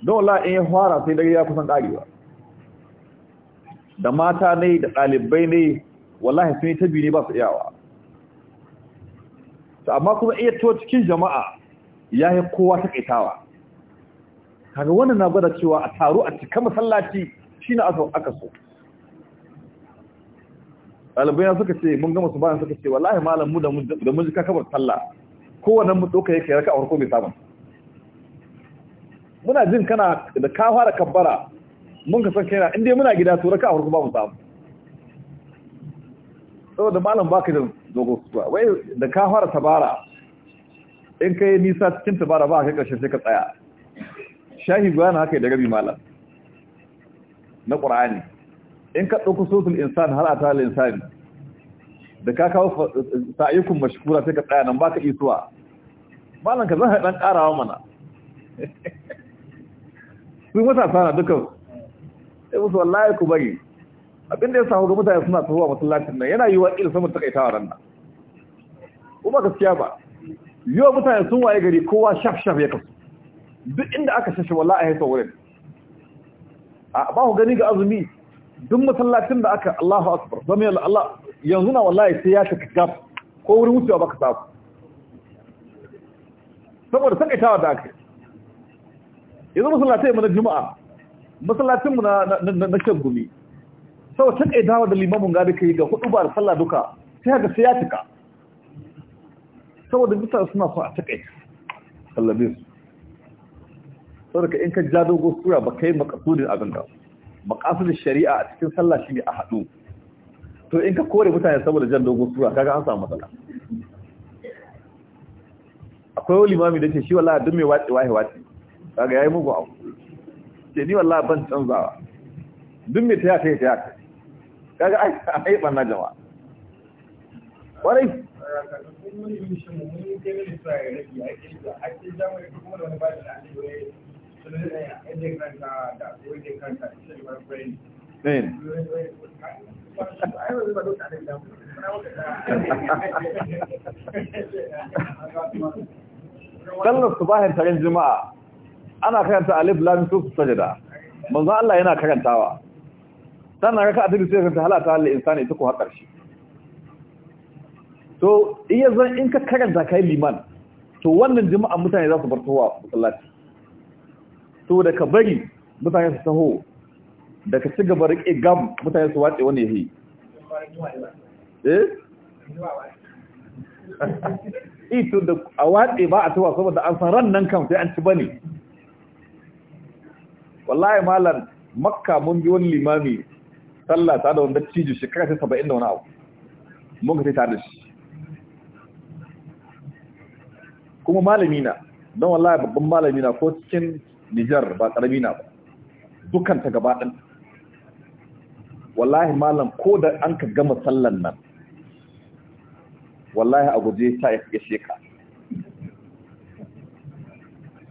don Allah in ya fara sai dare ya kusan karewa da mata ne da ɗalibai ne wallahi sun yi tabi ne ba su iyawa To amma kuma iya to cikin jama'a ya yi kowa ta kaitawa. kaga wannan na gwada cewa a taro a cika masallaci shi na aka so ɗalibai suka ce mun gama su bayan suka ce wallahi malam mu da mun ji kakabar sallah kowannen mu ɗauka yake raka a farko bai samun muna jin kana da ka fara kabbara mun ka san kaina inda muna gida to raka a farko ba mu samu saboda malam baka da dogo suwa wai da ka fara tabara in kai nisa cikin tabara ba kai ƙarshe sai ka tsaya shahi gwana haka da gabi malam na qur'ani in ka dauko sotul insan har a tala insani da ka kawo sa'ayyukun mashkura sai ka tsaya nan ba ka isuwa malam ka zan haɗan ƙarawa mana sun matasa sana dukan sai musu wallahi ku bari abinda ya samu ga mutane suna tsohuwa masallacin nan yana yi wa ƙil samun takaitawa ran nan kuma gaskiya ba wa mutane sun waye gari kowa shaf-shaf ya kasu duk inda aka shashe wallahi a haifar wurin a ba ku gani ga azumi duk masallacin da aka Allahu akbar zama yalla Allah yanzu na wallahi sai ya ta kaf ko wurin wucewa baka samu saboda takaitawa da aka yi yanzu masallatai mu na juma'a masallacin mu na na shan gumi sau ta kai dawa da limamin gari kai ga hudu ba da sallah duka sai haka sai ya tuka saboda bisa suna so a ta kai sallabe su saboda in ka ja dogo sura ba kai makasudin abin da makasudin shari'a a cikin sallah shi ne a hadu to in ka kore mutane saboda jan dogo sura kaga an samu matsala akwai wani limami da ke shi wallahi duk mai wace wahe wace kaga yayi mugu abu ce ni wallahi ban canzawa duk mai taya taya taya kaga ai ai na jama'a kwarai ɗin sallar su bahin tarin jima'a ana karanta alif lam su sajada manzo Allah yana karantawa sannan raka'a ta biyu sai karanta halata lil insani ita ko har karshe to iya zan in ka karanta kai liman to wannan jama'a mutane za su bar towa masallaci to da ka bari mutane su taho da ka ci gaba rike gam mutane su wace wani yayi eh ito da a wace ba a towa saboda an san ran nan kan sai an ci bane wallahi malam makka mun bi wani limami sallah ta da wanda shi shekara ta saba'in da wani abu mun ka ta da shi kuma malami na don wallahi babban malami na ko cikin nijar ba karami na ba dukan ta gaba ɗin wallahi malam ko da an ka gama sallan nan wallahi a guje ta ya sheka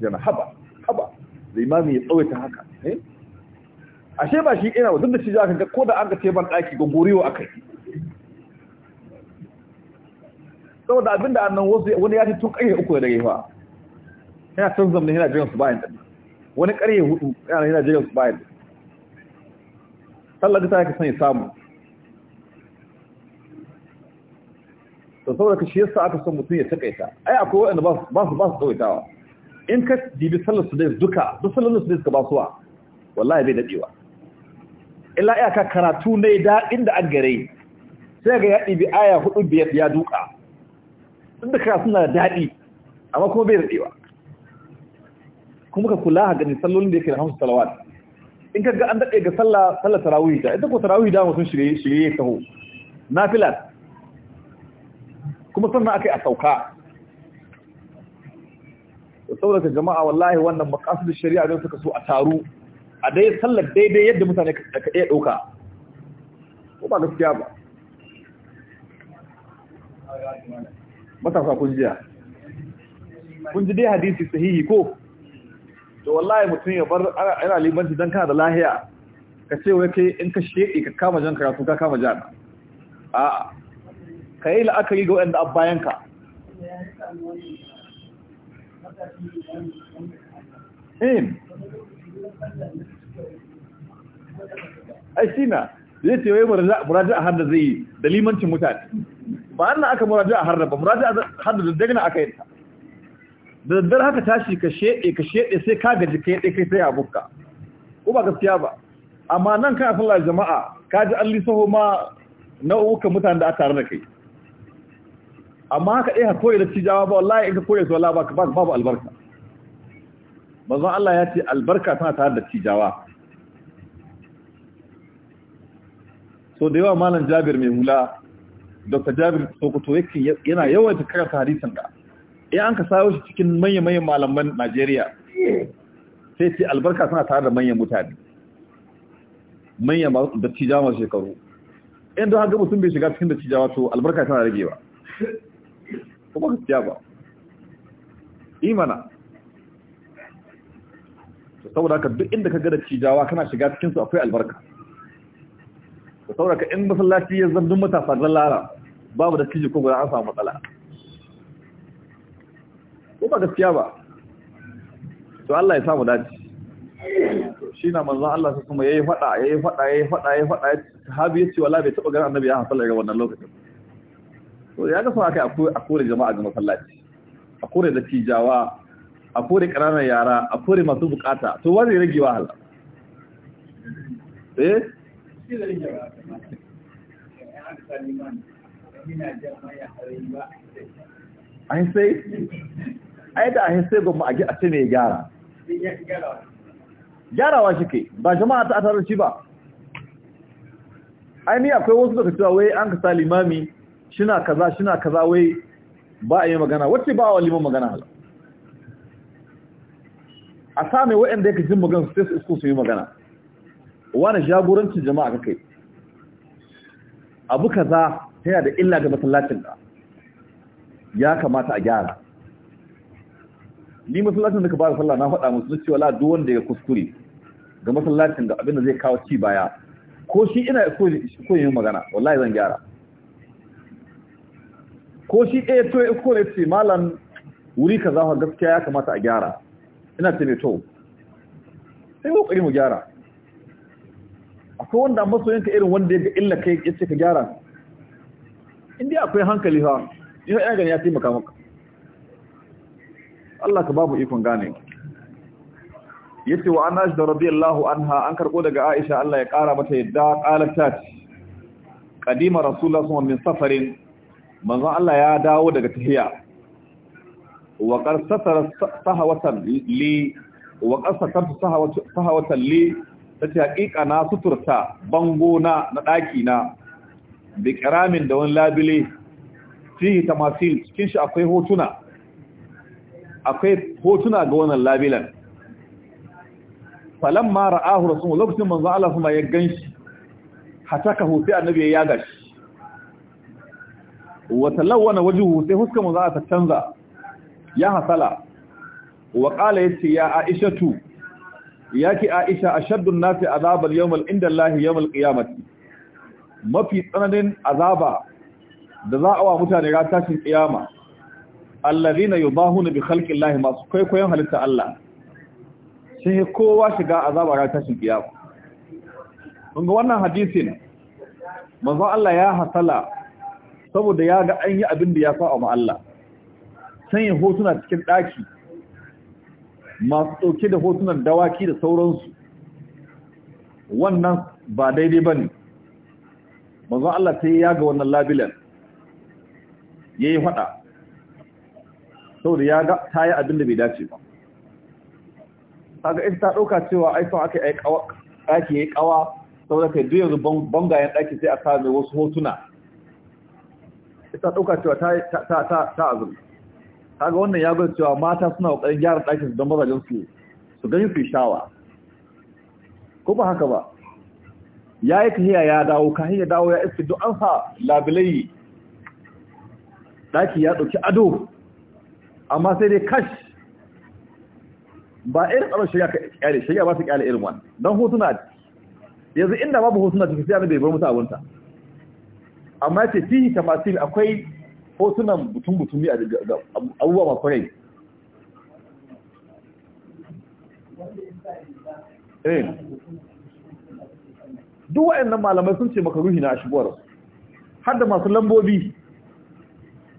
yana haba haba limami ya tsawaita haka eh? ashe ba shi ina duk da shi za ka ga ko da an ka ce ban ɗaki gongorewa akai saboda abinda annan wasu wani ya ce tun karye uku da gefa yana can zamanin yana jiran su bayan da wani karye hudu yana yana jiran su bayan da sallar ta yake son ya samu to saboda ka shi yasa aka son mutum ya taƙaita ai akwai waɗanda ba su ba su tsawaitawa in ka dibi sallar su duka duk sallar su dai suka basuwa wallahi bai dadewa illa iyaka karatu ne da inda an gare sai ga ya dibi aya hudu biyar ya duka inda suna da dadi amma kuma bai dadewa kuma ka kula ga sallolin da yake da hamsu salawat in ka ga an dade ga sallah sallar tarawih ta idan ko tarawih da mutum shirye shirye taho nafilat kuma sannan akai a sauka saboda jama'a wallahi wannan maqasid shari'a don suka so a taru a dai sallar daidai yadda mutane ka iya dauka ko ba gaskiya ba matasa kun jiya kun ji dai hadisi sahihi ko to wallahi mutum ya bar ana limanci dan kana da lahiya ka ce wai kai in ka shedi ka kama jan karatu ka kama jan ka kai la'akari ga wanda abbayanka in ai shi na zai ce wai muraja a harda zai yi da limancin mutane ba an aka muraja a harda ba muraja a harda da dagana aka yi. da daddare haka tashi ka sheɗe ka sheɗe sai ka gaji ka yaɗe kai sai abukka ko ba gaskiya ba amma nan kana sallar jama'a ka ji an lisaho ma nau'ukan mutane da a tare da kai amma haka ɗaya koyi da cijawa ba wallahi in ka koyi su wallahi ba babu albarka manzon Allah ya ce albarka tana tare da cijawa so da yawa malam Jabir mai hula Dr. Jabir Sokoto yake yana yawaita karanta harisun da ya an ka sayo shi cikin manya-manyan malaman Najeriya sai ce albarka tana tare da manyan mutane manya da cijawa shekaru in haka mutum bai shiga cikin da cijawa to albarka tana ragewa kuma gaskiya ba imana saboda ka duk inda ka ga da cijawa kana shiga cikinsu akwai albarka saboda ka in masallaci ya zama duk matasa zallara babu da ciji ko guda an samu matsala ko gaskiya ba to Allah ya samu daji. shi na manzan Allah sai kuma ya yi fada ya yi fada ya yi fada ya yi fada sahabi yace wala bai taba ganin annabi ya hasala ga wannan lokacin so ya ga so a kore jama'a ga masallaci a kore da tijawa a kore ƙananan yara a kore masu bukata to wani rage wahala eh an sai ai da an sai gwamma a ce mai gyara gyarawa shi ke ba jama'a ta atarar shi ba ai ni akwai wasu daga cewa wai an ka limami shina kaza shina kaza wai ba a yi magana wacce ba wa liman magana hala a same ya ka jin magana su sai su yi magana wani jagorancin jama'a kai abu kaza yana da illa ga masallacin da ya kamata a gyara ni masallacin da ka da sallah na faɗa musu na cewa la wanda ya kuskure ga masallacin da abinda zai kawo ci baya ko shi ina so yin magana wallahi zan gyara ko shi ɗaya to ya kore ce malam wuri ka za gaskiya ya kamata a gyara ina ce mai to sai kokari mu gyara akwai wanda yanka irin wanda ya ga illa kai ya ce ka gyara inda akwai hankali ha yi ya gani ya taimaka maka Allah ka babu ikon gane Ya ce wa an da rabi anha an karko daga aisha Allah ya kara mata yadda ƙalar ta qadima rasulullah sallallahu alaihi min safarin manzon Allah ya dawo daga tahiya wa qarsatara sahawatan li wa qarsatara sahawatan li tace hakika na suturta bango na na daki na bi karamin da wani labile fi tamasil cikin shi akwai hotuna akwai hotuna ga wannan labilan falamma ra'ahu rasulullahi lokacin manzo Allah kuma ya ganshi hataka hoto annabi ya gashi. wa talawwana wajhu sai huskar manzo Allah ta canza ya hasala wa qala yace ya aishatu yaki aisha ashaddun nasi azab al-yawm inda Allah yawm al-qiyamati mafi tsananin azaba da za a wa mutane ran tashin kiyama allazina yubahuna bi khalqi Allah masu kwaikwayon halitta Allah sai kowa shiga azaba ran tashin kiyama kun ga wannan hadisin manzo Allah ya hasala saboda ya ga an yi abin da ya fa'a ma’alla Allah sanya hotuna cikin ɗaki masu ɗauke da hotunan dawaki da sauransu wannan ba daidai ba ne mazan Allah sai ya ga wannan labilan ya yi faɗa saboda ya ga ta yi abin da bai dace ba kaga ita ta ɗauka cewa aifin aka yi ɗaki ya yi ƙawa saboda kai duk yanzu bangayen ɗaki sai a sami wasu hotuna ita ɗauka cewa ta azumi kaga wannan ya gwada cewa mata suna ƙoƙarin gyara ɗakin su don mazajen su su gani su shawa ko ba haka ba ya yi kahiya ya dawo kahiya dawo ya iske duk an sa labilai ɗaki ya ɗauki ado amma sai dai kash ba irin tsaron shirya ka ƙyale shirya ba su ƙyale irin wani don hotuna yanzu inda babu hotuna cikin sai ya bai bar mutu abunta amma ce fi tamasil akwai hotunan butun butumi a abubuwa makwarai eh duk nan malamai sun ce maka ruhi na shigowar har da masu lambobi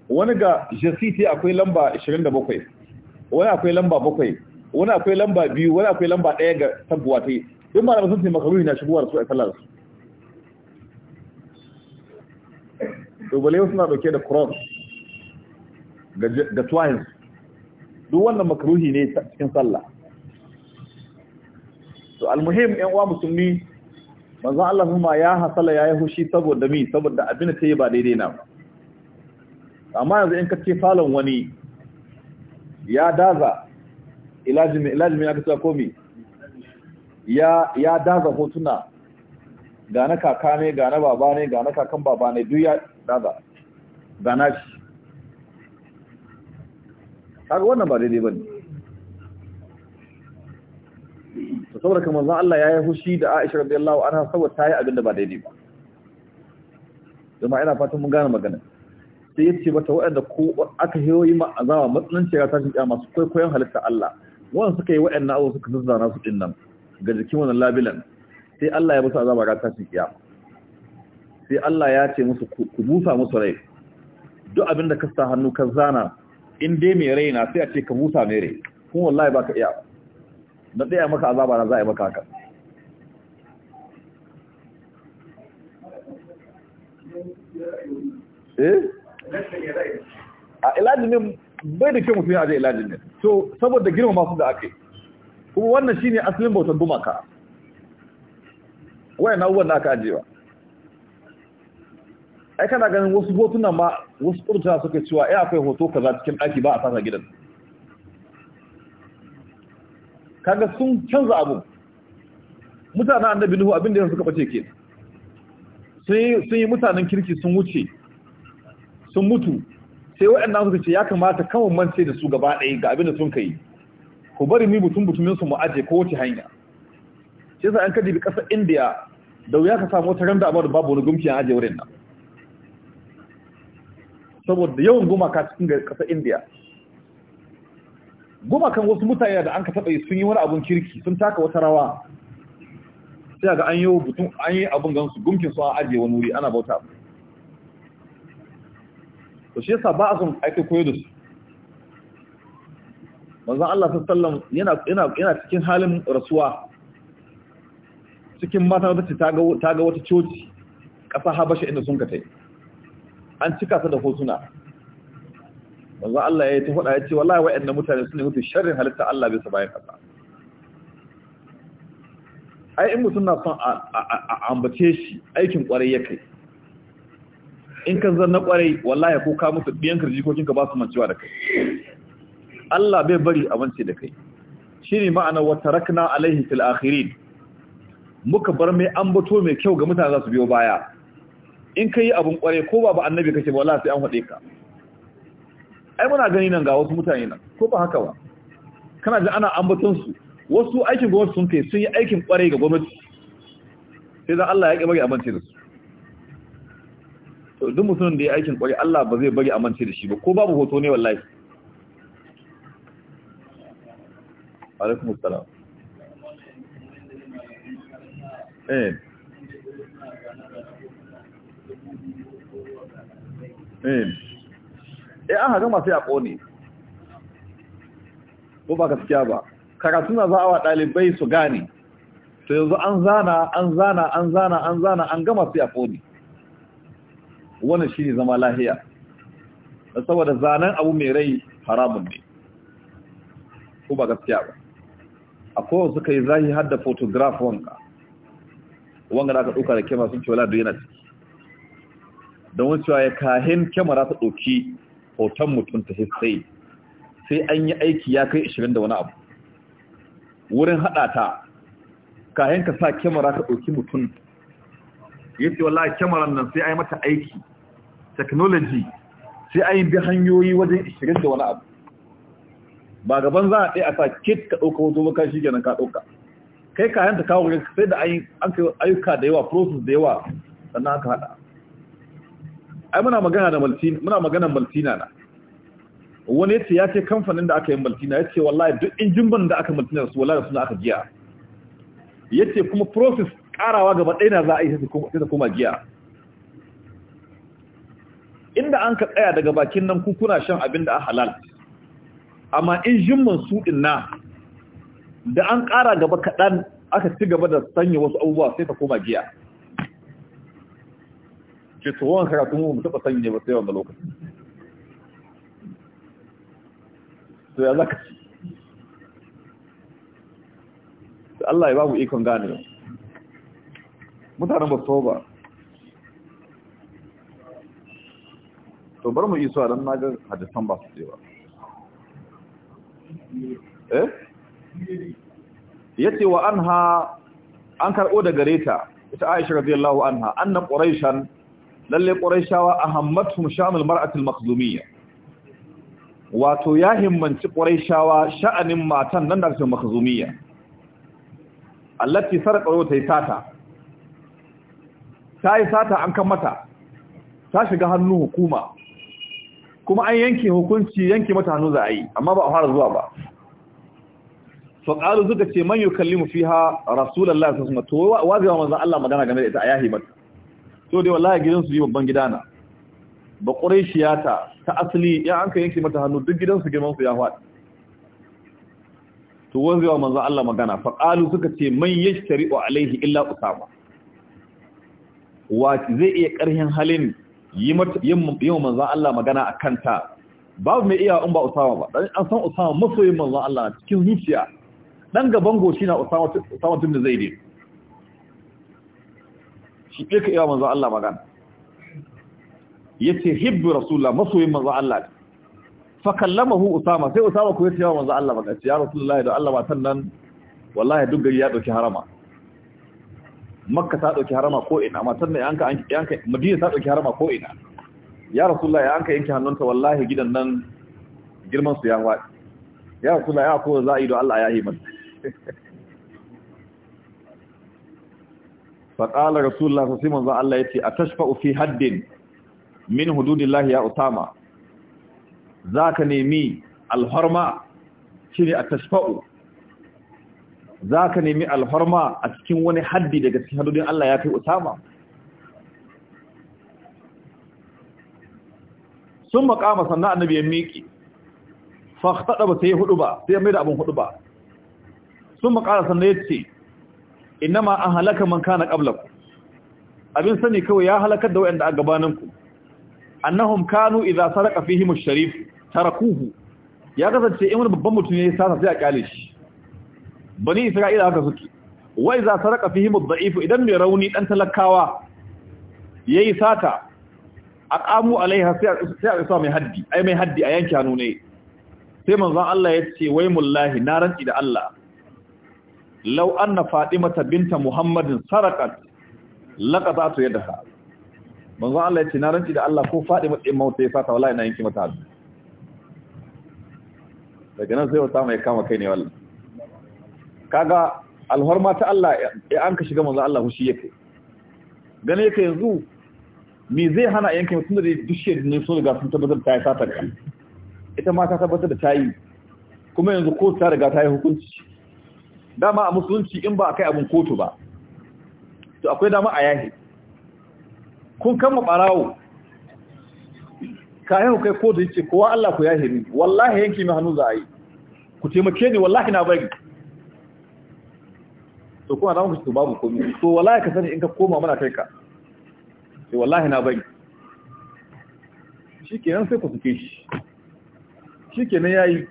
wani ga jasiti akwai lamba 27 wani akwai lamba 7 wani akwai lamba 2 wani akwai lamba 1 ga tabbuwa ta yi duk malamai sun ce maka ruhi na shigowar su a sallar tubalewa suna dauke da cross da twins duk wannan makaruhi ne cikin sallah to almuhim ɗan uwa musulmi manzon Allah kuma ya hasala yayi hushi saboda mi saboda abin da tayi ba daidai na amma yanzu in ka ce falon wani ya daza ilaji mai ya mai komi ya ya daza hotuna ga na kaka ne ga na baba ne ga na kakan baba ne duk ya dada da nashi kaga wannan ba daidai bane to saboda kamar zan Allah ya yi hushi da Aisha radiyallahu anha saboda ta abin da ba daidai ba kuma ina fatan mun gane magana sai yace bata waɗanda ko aka yi ma azaba matsananci ga tashin kiyama su kwaikwayon halitta Allah wannan suka yi waɗannan abu suka zazzana su din nan ga jikin wannan labilan sai Allah ya musu azaba ga tashin kiyama sai Allah ya ce musu ku busa musu rai duk abin da ka sa hannu ka zana in dai mai rai na sai a ce ka busa mai rai kuma wallahi baka iya na tsaya maka azaba na za a yi maka haka eh a ilajimin bai da kyau mutum ya je ilajimin so saboda girma masu da ake kuma wannan shine asalin bautan gumaka wayan abubuwan da aka ajiyewa ai kana ganin wasu hotunan ma wasu kurta suka cewa ai eh, akwai hoto kaza cikin daki ba a fasa gidan kaga sun canza abu mutanen annabi nuhu abin da yanzu suka bace ke sun yi mutanen kirki sun wuce sun mutu sai waɗannan suka ce ya kamata kawai mance da su gaba ɗaya ga abin da sun kai ku bari ni mutum mutumin su mu aje ko wace hanya sai sa an kaji bi ƙasar indiya da wuya ka samu wata randa amma da babu wani gumki aje wurin nan saboda yawan gumaka cikin ƙasar indiya gumakan wasu mutane da an ka taɓa yi sun yi wani abun kirki sun taka wata rawa sai ga an yi butun an yi abun gansu gumkin su an ajiye wani wuri ana bauta to shi yasa ba a son aiki koyo da su manzon Allah sallallahu yana yana yana cikin halin rasuwa cikin mata wata ta ga ta ga wata coci ƙasa Habasha inda sun ka tai an cika su da hotuna wanzu Allah ya yi ta faɗa ya ce wallahi waɗannan mutane suna mutu sharrin halitta Allah bai su bayan kasa ai in mutum na son a ambace shi aikin kwarai ya kai in kan na kwarai wallahi ko ka mutu biyan karji ko kinka ba su mancewa da kai Allah bai bari a mance da kai shi ne ma'ana wata rakna alaihi fil akhirin muka bar mai ambato mai kyau ga mutane za su biyo baya in ka yi abin kware ko ba ba annabi kake ba wala sai an haɗe ka ai muna gani nan ga wasu mutane nan ko ba haka ba kana ji ana ambaton su wasu aikin gwamnati sun kai sun yi aikin kware ga gwamnati sai dan Allah ya ki bari amince da su to duk mutumin da ya aikin kware Allah ba zai bari amince da shi ba ko babu hoto ne wallahi alaikum assalam eh Eh. eh an haka sai a ƙone ko ba gaskiya ba karatu na wa ɗalibai su gane to yanzu an zana an zana an zana an zana an gama sai a ƙone wannan shi ne zama lahiya saboda zanen abu mai rai haramun ne ko ba gaskiya ba akwai suka kai zahi har da photograph wanka wanga da aka ɗauka da kema sun ce wala duk yana ciki don wucewa ya kahin kyamara ta ɗauki hoton mutum ta hissai sai an yi aiki ya kai 20 da wani abu wurin haɗa ta kahin ka sa kyamara ka ɗauki mutum ya ce wallahi kyamaran nan sai an yi mata aiki technology sai an yi bi hanyoyi wajen 20 da wani abu ba gaban za a ɗaya a sa kit ka ɗauka wato maka shi kenan ka ɗauka kai kayan ta kawo sai da an kai ayyuka da yawa process da yawa sannan aka haɗa ai muna magana da maltina muna magana maltina na wani yace ya ce kamfanin da aka yi maltina yace wallahi duk injin da aka maltina su wallahi suna aka giya yace kuma process karawa gaba ɗaya na za a yi sai ta koma giya inda an ka tsaya daga bakin nan kuna shan abin da a halal amma injin man su din na da an kara gaba kaɗan aka ci gaba da sanya wasu abubuwa sai ta koma giya ce tsohon karatun mu mu taɓa sani ne ba sai wanda lokaci to ya zaka ci da Allah ya babu ikon gane yau mutanen ba so ba to bar mu iso don na ga hadisan ba su ce ba eh ce wa anha an karɓo da gareta ita Aisha radiyallahu anha annan quraishan lalle quraishawa ahammatuhum sha'anul mar'atil makhzumiyya wato ya himmanci quraishawa sha'anin matan nan da su makhzumiyya allati sarqa ta yi sata ta yi sata an kan mata ta shiga hannun hukuma kuma an yanke hukunci yanke mata hannu za'ayi, amma ba a fara zuwa ba faƙaru suka ce man yukallimu fiha rasulullahi sallallahu alaihi wasallam to wa zai manzo Allah magana game da ita A yahi mata so dai wallahi gidansu yi babban gida na ba ƙuraishiya ta ta asali ya an ka yanke mata hannu duk gidansu girmansu ya faɗi to wanzu yawa manzo Allah magana faƙalu suka ce man yashtari wa alaihi illa usama wa zai iya ƙarhin halin yi wa manzo Allah magana a kanta babu mai iya in ba usama ba an san usama masoyin manzo Allah cikin zuciya dan gaban goshi na usama usama tun da zai dai shi ɗaya ka iya manzan Allah magana ya ce hibbi rasulullah masoyin manzan Allah ne mahu usama sai usama ku ya ce wa manzan Allah magana ce ya rasulullah da Allah matan nan wallahi duk gari ya ɗauki harama makka ta ɗauki harama ko ina matan nan yanka yanka madina ta ɗauki harama ko ina ya rasulullah yanka yanke hannunta wallahi gidan nan girman su ya faɗi ya rasulullah ya ko za'i da Allah ya yi mata faƙala rasulullah sai manzon Allah ce a tashfa'u fi haddin min hududillahi ya utama ka nemi alharma shine a tashfa'u Za ka nemi alharma a cikin wani haddi daga cikin haddodin Allah ya kai utama sun makama sannan annabi ya miƙi fa khtada ba sai hudu ba sai ya mai da abun hudu ba sun makara sannan yace ma an halaka man kana qablakum abin sani kawai ya halakar da wayanda a gabaninku annahum kanu idza saraka fihim ash-sharif tarakuhu ya kasance in wani babban mutum ne sasa sai a kyale shi bani isra'ila haka suke wa idza saraka fihim ad-da'if idan mai rauni dan talakawa yayi sata aqamu alaiha sai a isa mai haddi ai mai haddi a yanke hannu ne sai manzon Allah ya ce wai mullahi na ranci da Allah law anna fatimata binta muhammadin sarakat laqatatu yadaha manzo Allah ya na ranci da Allah ko fatima din mautai sata wallahi na yanki mata hannu daga nan sai wata mai kama kai ne wallahi kaga alhorma ta Allah ya an shiga manzo Allah hushi yake gane yake yanzu me zai hana yankin mutum da dushe da ne so sun tabbatar ta yi satar ita ma ta tabbatar da ta yi kuma yanzu ko ta riga ta yi hukunci dama a musulunci in ba a kai abin kotu ba to akwai dama a yahi kun kama barawo kayan kai kotu yace kowa Allah ku yahi ni wallahi yanki mai hannu za a yi ku taimake ni wallahi na bari to kuma zamu ku babu komi. to wallahi ka sani in ka koma mana kai ka sai wallahi na bari shikenan sai ku suke shi shikenan yayi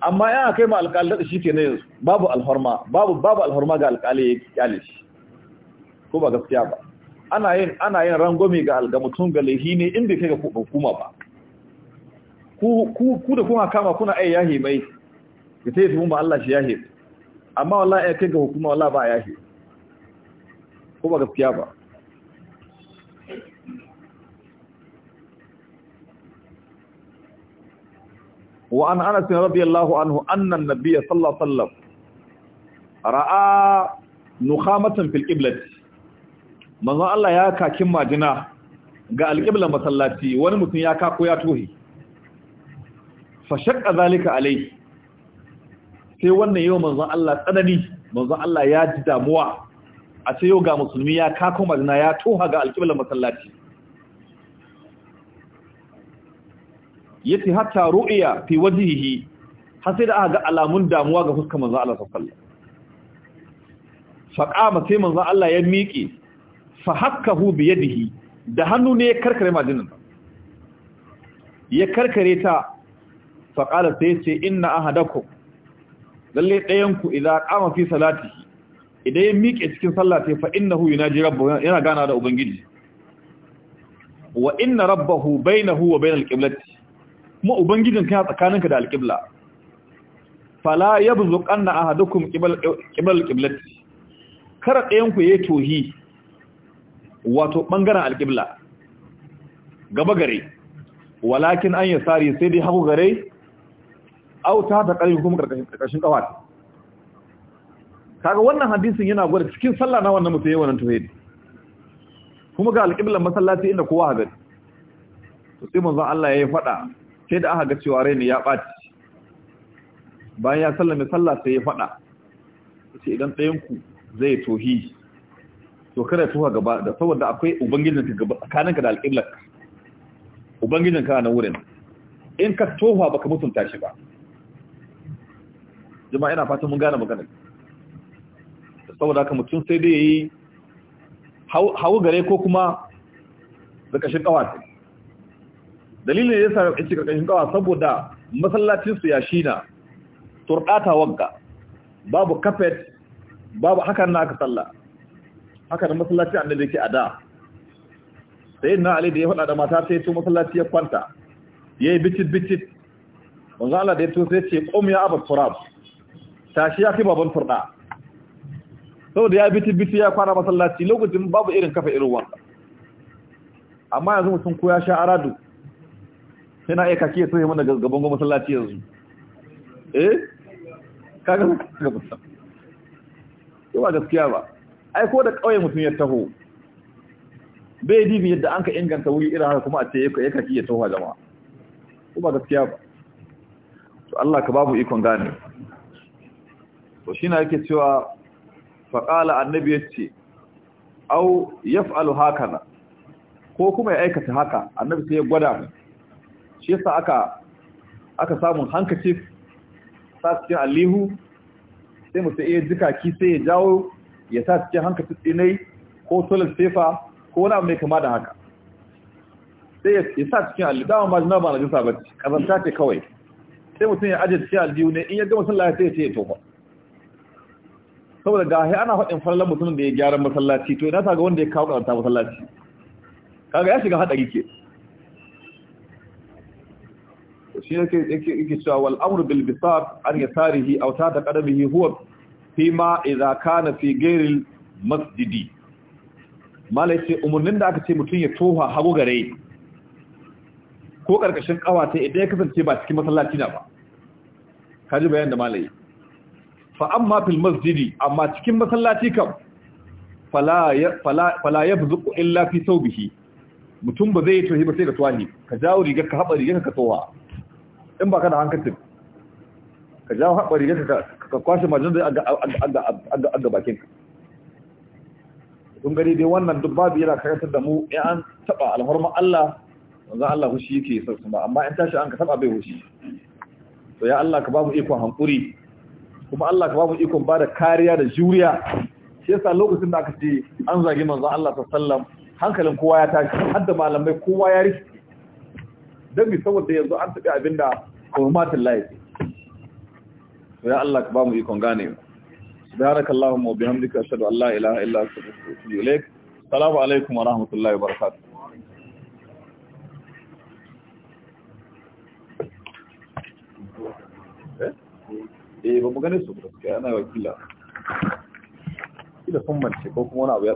amma yana kai ma alƙali da shi ke ne babu alhorma babu babu alhorma ga alƙali ya kyale shi ko ba gaskiya ba ana yin ana yin rangomi ga ga mutum ga lahi ne inda kai ga hukuma ba ku ku ku da kuma kama kuna ai yahi mai ta sai tuhu ma Allah shi yahi amma wallahi ai kai ga hukuma wallahi ba yahi ko ba gaskiya ba وعن أنس رضي الله عنه أن النبي صلى الله عليه وسلم رأى نخامة في القبلة من الله يا كاكما جنا ga alƙiblar masallaci wani mutum ya kako ya tohi fashakka zalika alai sai wannan yau manzon Allah tsanani manzon Allah ya ji damuwa a yau ga musulmi ya kako majina ya toha ga alƙiblar masallaci Ya yace hatta ru'ya fi wajihihi, har sai da aka ga alamun damuwa ga fuskar manzo Allah sallallahu alaihi wasallam faqama sai manzo Allah ya miƙe fa hakkahu bi yadihi da hannu ne ya karkare majinin ya karkare ta faƙala sai ce inna ahadakum lalle ɗayan ku idan qama fi salatihi idan ya miƙe cikin sallah ta fa innahu yunaji rabbahu yana gana da ubangiji wa inna rabbahu bainahu wa bainal qiblati kuma ubangijin kana tsakaninka da alƙibla fala yabzuq anna ahadukum qibal qibal qiblati kar ɗayan ku yayi tohi wato bangaren alƙibla gaba gare walakin an yasari sai dai hagu gare au ta ta ƙarfi kuma ƙarƙashin ƙawata kaga wannan hadisin yana gwada cikin sallah na wannan mutum yawan tohi kuma ga alƙiblan masallaci inda kowa haɗe to sai manzon Allah ya yi faɗa sai da aka ga cewa raini ya ɓaci bayan ya sallame sallah sai ya faɗa sai idan ɗayanku zai tohi to kada tuha gaba da saboda akwai ubangijin ka gaba ka da ubangijin ka na wurin in ka toha baka mutunta shi ba jama'a ina fatan mun gane magana saboda haka mutum sai dai yayi hawo gare ko kuma da kashin kawata dalilin ya sami ya karkashin kawa saboda masallacinsu ya shina turɗata wagga babu kafet babu hakan na aka salla haka da masallacin annabi yake a da sai na ali da ya faɗa da mata sai to masallaci ya kwanta yayi bicit bicit manzo Allah da ya to sai ce qum ya abu turab tashi ya babban baban turda saboda ya bicit bicit ya kwana masallaci lokacin babu irin kafa irin wanka. amma yanzu mutum ko ya sha aradu yana aika ke sai mana gaban goma sallaci yanzu eh kaga kaga ba ba gaskiya ba ai ko da kauye mutum ya taho bai dibi yadda an ka inganta wuri irin haka kuma a ce ya kaki ya taho jama'a ko ba gaskiya ba to Allah ka babu ikon gane to shi na yake cewa faƙala annabi ya ce au yaf'alu hakana ko kuma ya aikata haka annabi sai ya gwada mu shi yasa aka aka samu handkerchief sa cikin allihu sai sai iya jikaki sai ya jawo ya sa cikin handkerchief dinai ko toilet paper ko wani abu mai kama da haka sai ya sa cikin allihu dama ba na ba na jinsa ba kazanta ce kawai sai mutum ya ajiye cikin allihu ne in ya gama sun sai ya ce ya tofa saboda gahe ana faɗin farlan mutumin da ya gyara masallaci to ina ta ga wanda ya kawo karanta masallaci kaga ya shiga haɗari ke shi yake yake cewa wal amru bil bisat an yasarihi aw ta qadamihi huwa ma idza kana fi ghairil masjidi malai ce umurnin da aka ce mutun ya toha hagu gare ko karkashin kawata idan ya kasance ba cikin masallaci na ba kaji bayan da malai fa amma fil masjidi amma cikin masallaci kam fala fala fala yabzuqu illa fi thawbihi mutum ba zai yi tohi ba sai ka ne ka jawo rigar ka haɓa rigar ka tsohuwa in ba ka da hankali ka jawo haɓar rigar ka kwashe majin da a gabakin ka kun gani dai wannan duk babu yana karatar da mu ya an taɓa alhormar Allah wanzan Allah hushi yake sarsu ba amma in tashi an ka taɓa bai hushi to ya Allah ka babu ikon hankuri kuma Allah ka babu ikon ba da kariya da juriya shi yasa lokacin da aka ce an zagi manzan Allah ta sallam, hankalin kowa ya tashi hadda malamai kowa ya rikice don bi saboda yanzu an taɓi abinda hurmatin kurmatin laifi ya Allah ka ba mu ikon gane subhanaka allahumma wa bihamdika ashhadu an la ilaha illa anta astaghfiruka wa atubu assalamu alaikum wa rahmatullahi wa barakatuh eh, eh ba mu gane su ba ana wakila kila sun mace ko kuma wani abu ya